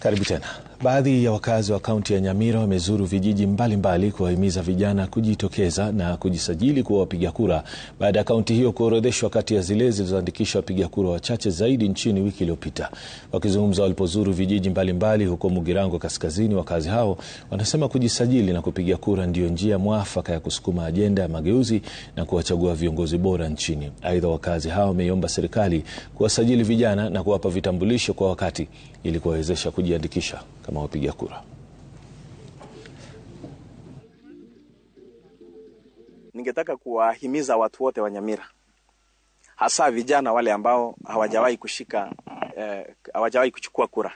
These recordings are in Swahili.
Karibu tena. Baadhi ya wakazi wa kaunti ya Nyamira wamezuru vijiji mbalimbali kuwahimiza vijana kujitokeza na kujisajili kuwa wapiga kura baada ya kaunti hiyo kuorodheshwa kati ya zile zilizoandikisha wapiga kura wachache zaidi nchini wiki iliyopita. Wakizungumza walipozuru vijiji mbalimbali huko Mugirango Kaskazini, wakazi hao wanasema kujisajili na kupiga kura ndiyo njia mwafaka ya kusukuma ajenda ya mageuzi na kuwachagua viongozi bora nchini. Aidha, wakazi hao wameiomba serikali kuwasajili vijana na kuwapa vitambulisho kwa wakati ili kuwawezesha kujiandikisha kama wapiga kura. Ningetaka kuwahimiza watu wote wa Nyamira, hasa vijana wale ambao hawajawahi kushika eh, hawajawahi kuchukua kura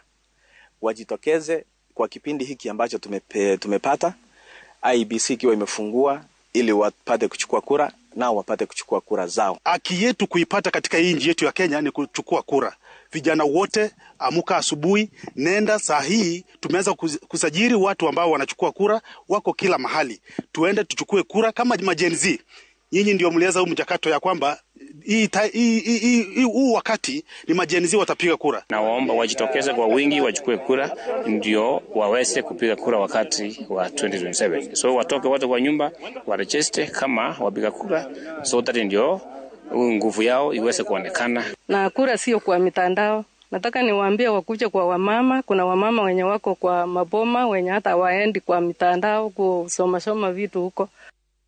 wajitokeze kwa kipindi hiki ambacho tumepe, tumepata IBC ikiwa imefungua ili wapate kuchukua kura nao wapate kuchukua kura zao. Haki yetu kuipata katika hii nchi yetu ya Kenya ni kuchukua kura. Vijana wote amuka asubuhi, nenda saa hii. Tumeanza kusajili watu ambao wanachukua kura, wako kila mahali. Tuende tuchukue kura kama majenzi. Nyinyi ndio mlianza huu mchakato ya kwamba huu wakati ni majenzi watapiga kura. Nawaomba wajitokeze kwa wingi, wachukue kura ndio waweze kupiga kura wakati wa 2027. So watoke wote kwa nyumba, warejeste kama wapiga kura, so that ndio nguvu yao iweze kuonekana. Na kura sio kwa mitandao. Nataka niwaambie wakuje kwa wamama. Kuna wamama wenye wako kwa maboma wenye hata waendi kwa mitandao kusoma soma vitu huko.